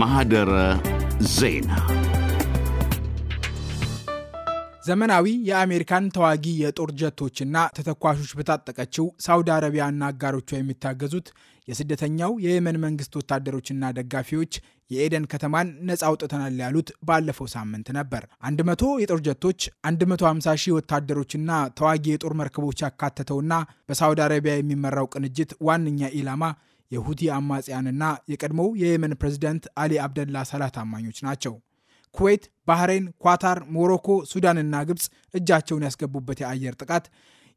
ማህደረ ዜና ዘመናዊ የአሜሪካን ተዋጊ የጦር ጀቶችና ተተኳሾች በታጠቀችው ሳውዲ አረቢያና አጋሮቿ የሚታገዙት የስደተኛው የየመን መንግስት ወታደሮችና ደጋፊዎች የኤደን ከተማን ነፃ አውጥተናል ያሉት ባለፈው ሳምንት ነበር። 100 የጦር ጀቶች፣ 150 ሺህ ወታደሮችና ተዋጊ የጦር መርከቦች ያካተተውና በሳውዲ አረቢያ የሚመራው ቅንጅት ዋነኛ ኢላማ የሁቲ አማጽያንና የቀድሞው የየመን ፕሬዝዳንት አሊ አብደላ ሳላህ ታማኞች ናቸው። ኩዌት፣ ባህሬን፣ ኳታር፣ ሞሮኮ፣ ሱዳንና ግብፅ እጃቸውን ያስገቡበት የአየር ጥቃት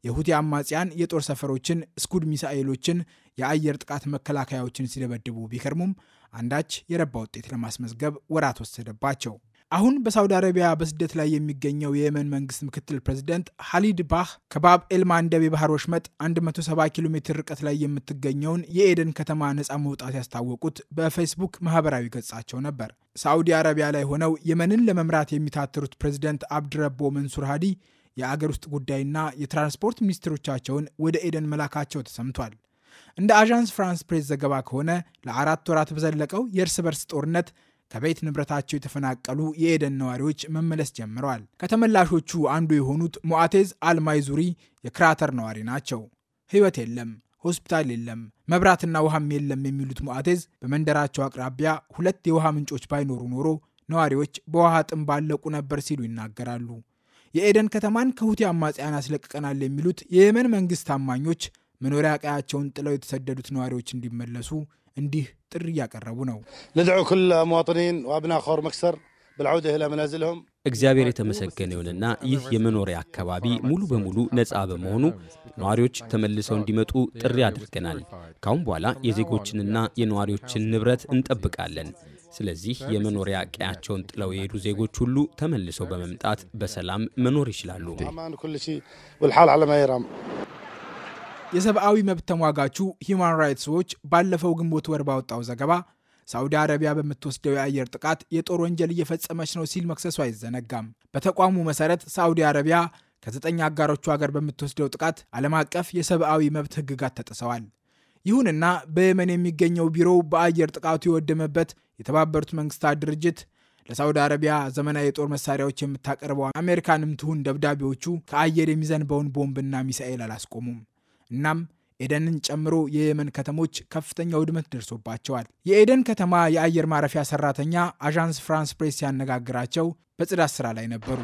የሁቲ አማጽያን የጦር ሰፈሮችን፣ ስኩድ ሚሳኤሎችን፣ የአየር ጥቃት መከላከያዎችን ሲደበድቡ ቢከርሙም አንዳች የረባ ውጤት ለማስመዝገብ ወራት ወሰደባቸው። አሁን በሳውዲ አረቢያ በስደት ላይ የሚገኘው የየመን መንግስት ምክትል ፕሬዚደንት ሀሊድ ባህ ከባብ ኤልማንደብ የባህር ወሽመጥ 170 ኪሎ ሜትር ርቀት ላይ የምትገኘውን የኤደን ከተማ ነፃ መውጣት ያስታወቁት በፌስቡክ ማህበራዊ ገጻቸው ነበር። ሳዑዲ አረቢያ ላይ ሆነው የመንን ለመምራት የሚታተሩት ፕሬዚደንት አብድረቦ መንሱር ሃዲ የአገር ውስጥ ጉዳይና የትራንስፖርት ሚኒስትሮቻቸውን ወደ ኤደን መላካቸው ተሰምቷል። እንደ አዣንስ ፍራንስ ፕሬስ ዘገባ ከሆነ ለአራት ወራት በዘለቀው የእርስ በርስ ጦርነት ከቤት ንብረታቸው የተፈናቀሉ የኤደን ነዋሪዎች መመለስ ጀምረዋል። ከተመላሾቹ አንዱ የሆኑት ሙአቴዝ አልማይዙሪ የክራተር ነዋሪ ናቸው። ሕይወት የለም፣ ሆስፒታል የለም፣ መብራትና ውሃም የለም የሚሉት ሙአቴዝ በመንደራቸው አቅራቢያ ሁለት የውሃ ምንጮች ባይኖሩ ኖሮ ነዋሪዎች በውሃ ጥም ባለቁ ነበር ሲሉ ይናገራሉ። የኤደን ከተማን ከሁቲ አማጽያን አስለቅቀናል የሚሉት የየመን መንግስት ታማኞች መኖሪያ ቀያቸውን ጥለው የተሰደዱት ነዋሪዎች እንዲመለሱ እንዲህ ጥሪ እያቀረቡ ነው። ندعو ኩል ሙዋጥኒን وابناء خور መክሰር بالعودة إلى منازلهم እግዚአብሔር የተመሰገነ ይሁንና ይህ የመኖሪያ አካባቢ ሙሉ በሙሉ ነፃ በመሆኑ ነዋሪዎች ተመልሰው እንዲመጡ ጥሪ አድርገናል። ካሁን በኋላ የዜጎችንና የነዋሪዎችን ንብረት እንጠብቃለን። ስለዚህ የመኖሪያ ቀያቸውን ጥለው የሄዱ ዜጎች ሁሉ ተመልሰው በመምጣት በሰላም መኖር ይችላሉ። የሰብአዊ መብት ተሟጋቹ ሂዩማን ራይትስ ዎች ባለፈው ግንቦት ወር ባወጣው ዘገባ ሳዑዲ አረቢያ በምትወስደው የአየር ጥቃት የጦር ወንጀል እየፈጸመች ነው ሲል መክሰሱ አይዘነጋም። በተቋሙ መሰረት ሳዑዲ አረቢያ ከዘጠኝ አጋሮቹ ሀገር በምትወስደው ጥቃት ዓለም አቀፍ የሰብአዊ መብት ሕግጋት ተጥሰዋል። ይሁንና በየመን የሚገኘው ቢሮው በአየር ጥቃቱ የወደመበት የተባበሩት መንግስታት ድርጅት ለሳውዲ አረቢያ ዘመናዊ የጦር መሳሪያዎች የምታቀርበው አሜሪካንም ትሁን ደብዳቤዎቹ ከአየር የሚዘንበውን ቦምብና ሚሳኤል አላስቆሙም። እናም ኤደንን ጨምሮ የየመን ከተሞች ከፍተኛ ውድመት ደርሶባቸዋል። የኤደን ከተማ የአየር ማረፊያ ሰራተኛ አዣንስ ፍራንስ ፕሬስ ሲያነጋግራቸው በጽዳት ስራ ላይ ነበሩ።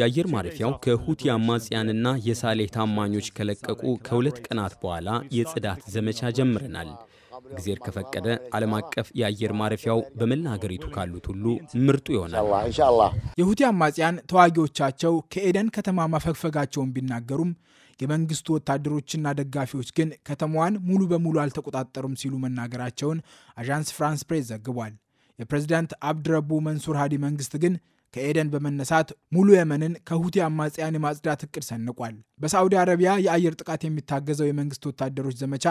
የአየር ማረፊያው ከሁቲ አማጽያንና የሳሌህ ታማኞች ከለቀቁ ከሁለት ቀናት በኋላ የጽዳት ዘመቻ ጀምረናል። እግዜር ከፈቀደ ዓለም አቀፍ የአየር ማረፊያው በመላ ሀገሪቱ ካሉት ሁሉ ምርጡ ይሆናል። የሁቲ አማጽያን ተዋጊዎቻቸው ከኤደን ከተማ ማፈግፈጋቸውን ቢናገሩም የመንግስቱ ወታደሮችና ደጋፊዎች ግን ከተማዋን ሙሉ በሙሉ አልተቆጣጠሩም ሲሉ መናገራቸውን አዣንስ ፍራንስ ፕሬስ ዘግቧል። የፕሬዚዳንት አብድረቡ መንሱር ሃዲ መንግስት ግን ከኤደን በመነሳት ሙሉ የመንን ከሁቲ አማጽያን የማጽዳት እቅድ ሰንቋል። በሳዑዲ አረቢያ የአየር ጥቃት የሚታገዘው የመንግስት ወታደሮች ዘመቻ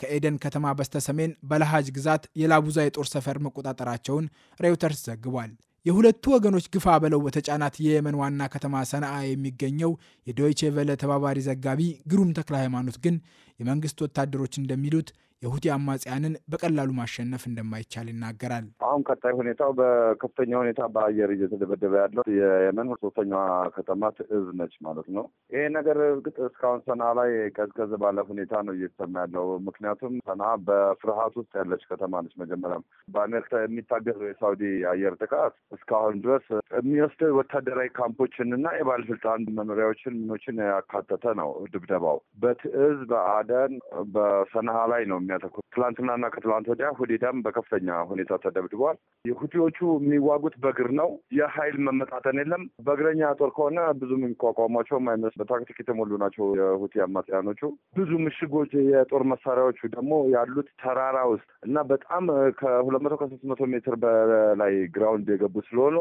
ከኤደን ከተማ በስተሰሜን በለሃጅ ግዛት የላቡዛ የጦር ሰፈር መቆጣጠራቸውን ሬውተርስ ዘግቧል። የሁለቱ ወገኖች ግፋ በለው በተጫናት የየመን ዋና ከተማ ሰነአ የሚገኘው የዶይቼ ቨለ ተባባሪ ዘጋቢ ግሩም ተክለ ሃይማኖት ግን የመንግስት ወታደሮች እንደሚሉት የሁቲ አማጽያንን በቀላሉ ማሸነፍ እንደማይቻል ይናገራል። አሁን ቀጣይ ሁኔታው በከፍተኛ ሁኔታ በአየር እየተደበደበ ያለው የየመን ሶስተኛ ከተማ ትዕዝ ነች ማለት ነው። ይሄ ነገር እርግጥ እስካሁን ሰና ላይ ቀዝቀዝ ባለ ሁኔታ ነው እየተሰማ ያለው። ምክንያቱም ሰና በፍርሃት ውስጥ ያለች ከተማ ነች። መጀመሪያም በአሜሪካ የሚታገዘው የሳውዲ አየር ጥቃት እስካሁን ድረስ የሚወስደ ወታደራዊ ካምፖችን እና የባለስልጣን መኖሪያዎችን ምኖችን ያካተተ ነው ድብደባው። በትዕዝ በአደን በሰንዓ ላይ ነው የሚያተኩር ትላንትናና ከትላንት ወዲያ ሁዴዳም በከፍተኛ ሁኔታ ተደብድበዋል። የሁቲዎቹ የሚዋጉት በእግር ነው። የሀይል መመጣጠን የለም። በእግረኛ ጦር ከሆነ ብዙ የሚቋቋሟቸው አይነት በታክቲክ የተሞሉ ናቸው የሁቲ አማጽያኖቹ። ብዙ ምሽጎች፣ የጦር መሳሪያዎቹ ደግሞ ያሉት ተራራ ውስጥ እና በጣም ከሁለት መቶ ከሶስት መቶ ሜትር በላይ ግራውንድ የገቡ ስለሆኑ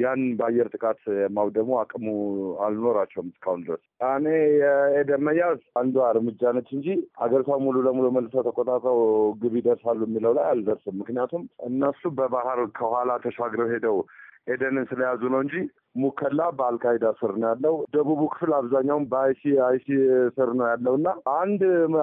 ያን በአየር ጥቃት ማውደሙ አቅሙ አልኖራቸውም እስካሁን ድረስ። እኔ የኤደን መያዝ አንዷ እርምጃ ነች እንጂ አገሪቷ ሙሉ ለሙሉ መልሰው ተቆጣጥረው ግብ ይደርሳሉ የሚለው ላይ አልደርስም። ምክንያቱም እነሱ በባህር ከኋላ ተሻግረው ሄደው ኤደንን ስለያዙ ነው እንጂ ሙከላ በአልቃይዳ ስር ነው ያለው። ደቡቡ ክፍል አብዛኛውን በአይሲ አይሲ ስር ነው ያለው እና አንድ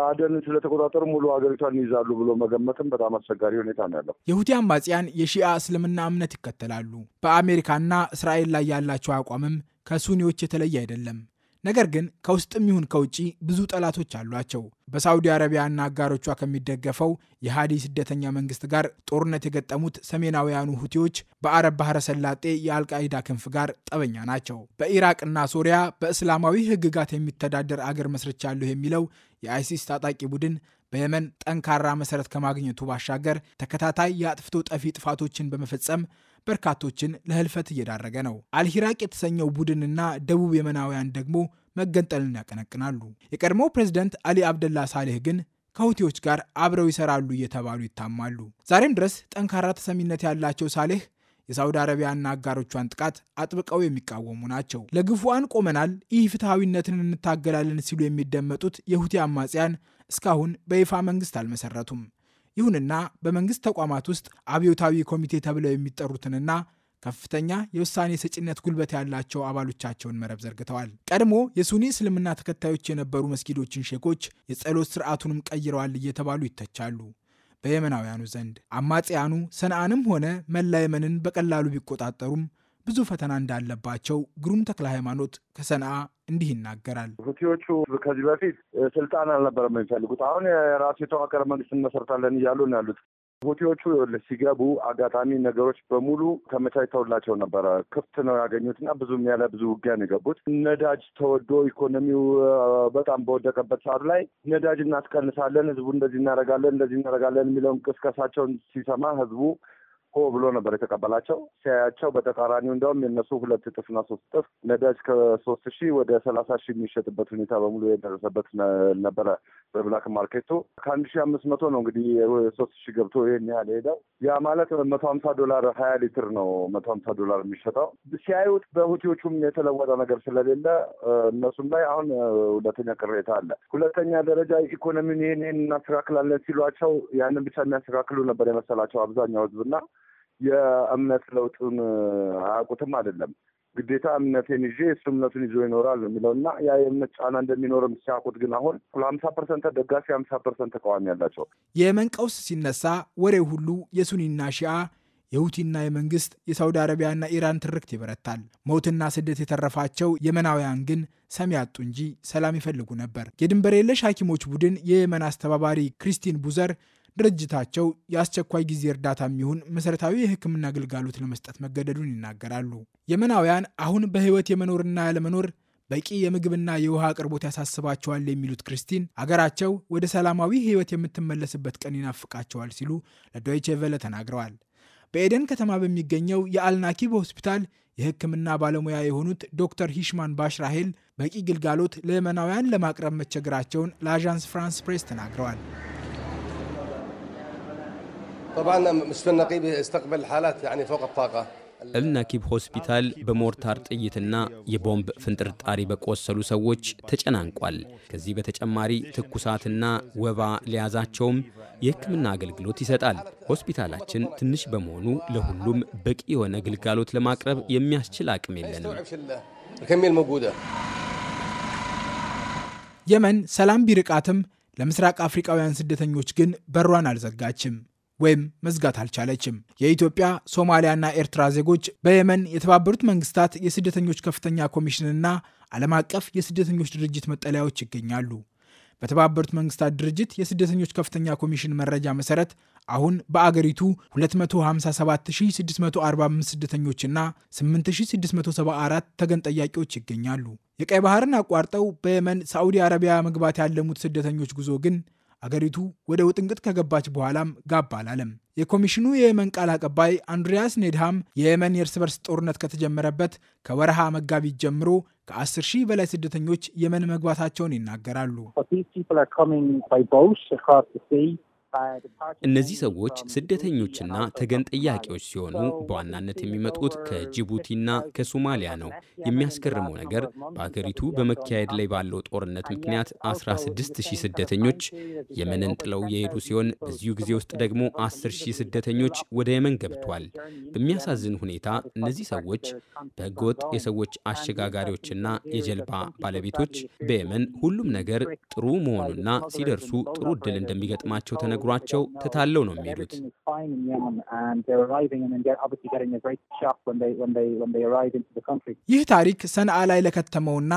አደንን ስለተቆጣጠሩ ሙሉ ሀገሪቷን ይይዛሉ ብሎ መገመትም በጣም አስቸጋሪ ሁኔታ ነው ያለው። የሁቲ አማጽያን የሺአ እስልምና እምነት ይከተላሉ። በአሜሪካና እስራኤል ላይ ያላቸው አቋምም ከሱኒዎች የተለየ አይደለም። ነገር ግን ከውስጥም ይሁን ከውጪ ብዙ ጠላቶች አሏቸው። በሳዑዲ አረቢያና አጋሮቿ ከሚደገፈው የሃዲ ስደተኛ መንግስት ጋር ጦርነት የገጠሙት ሰሜናውያኑ ሁቲዎች በአረብ ባህረ ሰላጤ የአልቃይዳ ክንፍ ጋር ጠበኛ ናቸው። በኢራቅና ሶሪያ በእስላማዊ ህግጋት የሚተዳደር አገር መስርቻለሁ የሚለው የአይሲስ ታጣቂ ቡድን በየመን ጠንካራ መሰረት ከማግኘቱ ባሻገር ተከታታይ የአጥፍቶ ጠፊ ጥፋቶችን በመፈጸም በርካቶችን ለህልፈት እየዳረገ ነው። አልሂራቅ የተሰኘው ቡድንና ደቡብ የመናውያን ደግሞ መገንጠልን ያቀነቅናሉ። የቀድሞው ፕሬዝደንት አሊ አብደላ ሳሌህ ግን ከሁቲዎች ጋር አብረው ይሰራሉ እየተባሉ ይታማሉ። ዛሬም ድረስ ጠንካራ ተሰሚነት ያላቸው ሳሌህ የሳውዲ አረቢያና አጋሮቿን ጥቃት አጥብቀው የሚቃወሙ ናቸው። ለግፉአን ቆመናል፣ ይህ ፍትሐዊነትን እንታገላለን ሲሉ የሚደመጡት የሁቲ አማጽያን እስካሁን በይፋ መንግስት አልመሰረቱም። ይሁንና በመንግስት ተቋማት ውስጥ አብዮታዊ ኮሚቴ ተብለው የሚጠሩትንና ከፍተኛ የውሳኔ ሰጪነት ጉልበት ያላቸው አባሎቻቸውን መረብ ዘርግተዋል። ቀድሞ የሱኒ እስልምና ተከታዮች የነበሩ መስጊዶችን ሼኮች የጸሎት ስርዓቱንም ቀይረዋል እየተባሉ ይተቻሉ። በየመናውያኑ ዘንድ አማጽያኑ ሰንዓንም ሆነ መላ የመንን በቀላሉ ቢቆጣጠሩም ብዙ ፈተና እንዳለባቸው ግሩም ተክለ ሃይማኖት ከሰንዓ እንዲህ ይናገራል። ሁቲዎቹ ከዚህ በፊት ስልጣን አልነበረም የሚፈልጉት። አሁን የራሱ የተዋቀረ መንግስት እንመሰርታለን እያሉ ነው ያሉት። ሁቲዎቹ ሲገቡ አጋጣሚ ነገሮች በሙሉ ተመቻችተውላቸው ነበረ። ክፍት ነው እና ብዙም ያለ ብዙ ውጊያ ነው የገቡት። ነዳጅ ተወዶ ኢኮኖሚው በጣም በወደቀበት ሰዓት ላይ ነዳጅ እናስቀንሳለን፣ ህዝቡ እንደዚህ እናደርጋለን፣ እንደዚህ እናደርጋለን የሚለውን ቅስቀሳቸውን ሲሰማ ህዝቡ ሆ ብሎ ነበር የተቀበላቸው። ሲያያቸው በተቃራኒው እንዲያውም የነሱ ሁለት እጥፍና ሶስት እጥፍ ነዳጅ ከሶስት ሺህ ወደ ሰላሳ ሺህ የሚሸጥበት ሁኔታ በሙሉ የደረሰበት ነበረ። በብላክ ማርኬቱ ከአንድ ሺህ አምስት መቶ ነው እንግዲህ ሶስት ሺህ ገብቶ ይህን ያህል ሄደው ያ ማለት መቶ ሀምሳ ዶላር ሀያ ሊትር ነው መቶ ሀምሳ ዶላር የሚሸጠው። ሲያዩት በሁቲዎቹም የተለወጠ ነገር ስለሌለ እነሱም ላይ አሁን ሁለተኛ ቅሬታ አለ። ሁለተኛ ደረጃ ኢኮኖሚን ይህን ይህን እናስተካክላለን ሲሏቸው ያንን ብቻ የሚያስተካክሉ ነበር የመሰላቸው አብዛኛው ህዝብና የእምነት ለውጡን አያውቁትም አይደለም ግዴታ እምነቴን ይዤ እሱ እምነቱን ይዞ ይኖራል የሚለው እና ያ የእምነት ጫና እንደሚኖርም ሲያውቁት ግን አሁን ሀምሳ ፐርሰንት ደጋፊ ሀምሳ ፐርሰንት ተቃዋሚ ያላቸው የመን ቀውስ ሲነሳ ወሬ ሁሉ የሱኒና ሺአ የሁቲና የመንግስት የሳውዲ አረቢያና ኢራን ትርክት ይበረታል። ሞትና ስደት የተረፋቸው የመናውያን ግን ሰሚ ያጡ እንጂ ሰላም ይፈልጉ ነበር። የድንበር የለሽ ሐኪሞች ቡድን የየመን አስተባባሪ ክሪስቲን ቡዘር ድርጅታቸው የአስቸኳይ ጊዜ እርዳታ የሚሆን መሰረታዊ የሕክምና አገልግሎት ለመስጠት መገደዱን ይናገራሉ። የመናውያን አሁን በህይወት የመኖርና ያለመኖር በቂ የምግብና የውሃ አቅርቦት ያሳስባቸዋል የሚሉት ክርስቲን አገራቸው ወደ ሰላማዊ ህይወት የምትመለስበት ቀን ይናፍቃቸዋል ሲሉ ለዶይቼ ቬለ ተናግረዋል። በኤደን ከተማ በሚገኘው የአልናኪብ ሆስፒታል የህክምና ባለሙያ የሆኑት ዶክተር ሂሽማን ባሽራሄል በቂ ግልጋሎት ለየመናውያን ለማቅረብ መቸገራቸውን ለአዣንስ ፍራንስ ፕሬስ ተናግረዋል። طبعا مستشفى النقيب يستقبل حالات يعني فوق الطاقة እልነኪብ ሆስፒታል በሞርታር ጥይትና የቦምብ ፍንጥርጣሪ በቆሰሉ ሰዎች ተጨናንቋል። ከዚህ በተጨማሪ ትኩሳትና ወባ ለያዛቸውም የህክምና አገልግሎት ይሰጣል። ሆስፒታላችን ትንሽ በመሆኑ ለሁሉም በቂ የሆነ ግልጋሎት ለማቅረብ የሚያስችል አቅም የለንም። የመን ሰላም ቢርቃትም ለምስራቅ አፍሪካውያን ስደተኞች ግን በሯን አልዘጋችም። ወይም መዝጋት አልቻለችም። የኢትዮጵያ ሶማሊያና ኤርትራ ዜጎች በየመን የተባበሩት መንግስታት የስደተኞች ከፍተኛ ኮሚሽንና ዓለም አቀፍ የስደተኞች ድርጅት መጠለያዎች ይገኛሉ። በተባበሩት መንግስታት ድርጅት የስደተኞች ከፍተኛ ኮሚሽን መረጃ መሰረት አሁን በአገሪቱ 257645 ስደተኞችና 8674 ተገን ጠያቂዎች ይገኛሉ። የቀይ ባህርን አቋርጠው በየመን ሳዑዲ አረቢያ መግባት ያለሙት ስደተኞች ጉዞ ግን አገሪቱ ወደ ውጥንቅጥ ከገባች በኋላም ጋብ አላለም። የኮሚሽኑ የየመን ቃል አቀባይ አንድሪያስ ኔድሃም የየመን የእርስ በርስ ጦርነት ከተጀመረበት ከወረሃ መጋቢት ጀምሮ ከ10 ሺህ በላይ ስደተኞች የመን መግባታቸውን ይናገራሉ። እነዚህ ሰዎች ስደተኞችና ተገን ጠያቂዎች ሲሆኑ በዋናነት የሚመጡት ከጅቡቲና ከሶማሊያ ነው። የሚያስገርመው ነገር በአገሪቱ በመካሄድ ላይ ባለው ጦርነት ምክንያት 16 ሺህ ስደተኞች የመንን ጥለው የሄዱ ሲሆን በዚሁ ጊዜ ውስጥ ደግሞ 10 ሺህ ስደተኞች ወደ የመን ገብቷል። በሚያሳዝን ሁኔታ እነዚህ ሰዎች በህገወጥ የሰዎች አሸጋጋሪዎችና የጀልባ ባለቤቶች በየመን ሁሉም ነገር ጥሩ መሆኑና ሲደርሱ ጥሩ እድል እንደሚገጥማቸው ተነግሯል። እግሯቸው ትታለው ነው የሚሄዱት። ይህ ታሪክ ሰንዓ ላይ ለከተመውና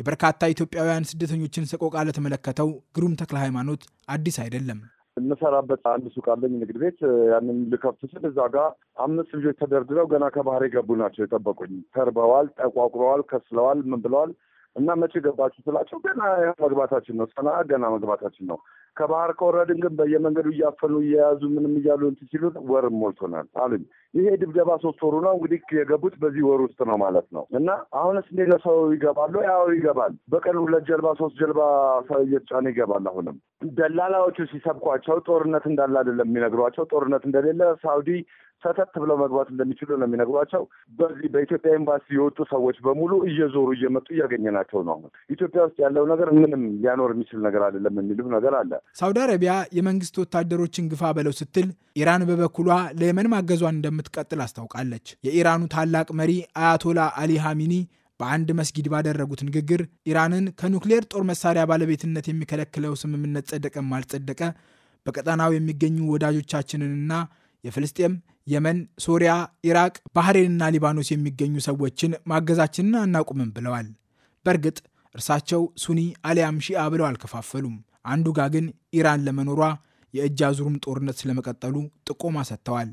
የበርካታ ኢትዮጵያውያን ስደተኞችን ሰቆቃ ለተመለከተው ግሩም ተክለ ሃይማኖት አዲስ አይደለም። የምሰራበት አንድ ሱቅ አለኝ፣ ንግድ ቤት። ያንን ልከፍት ስል እዛ ጋር አምስት ልጆች ተደርድረው ገና ከባህር የገቡ ናቸው የጠበቁኝ። ተርበዋል፣ ጠቋቁረዋል፣ ከስለዋል፣ ምን ብለዋል። እና መቼ ገባችሁ ስላቸው ገና መግባታችን ነው፣ ሰና ገና መግባታችን ነው። ከባህር ከወረድን ግን በየመንገዱ እያፈኑ እየያዙ ምንም እያሉ እንትን ሲሉ ወርም ሞልቶናል አሉኝ። ይሄ ድብደባ ሶስት ወሩ ነው እንግዲህ የገቡት በዚህ ወር ውስጥ ነው ማለት ነው። እና አሁንስ እንዴት ነው ሰው ይገባሉ? ያው ይገባል። በቀን ሁለት ጀልባ ሶስት ጀልባ ሰው እየተጫነ ይገባል። አሁንም ደላላዎቹ ሲሰብኳቸው ጦርነት እንዳለ አይደለም የሚነግሯቸው ጦርነት እንደሌለ ሳውዲ ሰተት ብለው መግባት እንደሚችሉ ነው የሚነግሯቸው። በዚህ በኢትዮጵያ ኤምባሲ የወጡ ሰዎች በሙሉ እየዞሩ እየመጡ እያገኘናቸው ነው። አሁን ኢትዮጵያ ውስጥ ያለው ነገር ምንም ሊያኖር የሚችል ነገር አይደለም የሚልም ነገር አለ። ሳውዲ አረቢያ የመንግስት ወታደሮችን ግፋ በለው ስትል ኢራን በበኩሏ ለየመን ማገዟን እንደምትቀጥል አስታውቃለች። የኢራኑ ታላቅ መሪ አያቶላ አሊ ሀሚኒ በአንድ መስጊድ ባደረጉት ንግግር ኢራንን ከኑክሌር ጦር መሳሪያ ባለቤትነት የሚከለክለው ስምምነት ጸደቀም አልጸደቀ በቀጠናው የሚገኙ ወዳጆቻችንንና የፍልስጤም የመን፣ ሶሪያ፣ ኢራቅ፣ ባህሬንና ሊባኖስ የሚገኙ ሰዎችን ማገዛችንን አናቁምም ብለዋል። በእርግጥ እርሳቸው ሱኒ አሊያም ሺአ ብለው አልከፋፈሉም። አንዱ ጋ ግን ኢራን ለመኖሯ የእጅ አዙሩም ጦርነት ስለመቀጠሉ ጥቆማ ሰጥተዋል።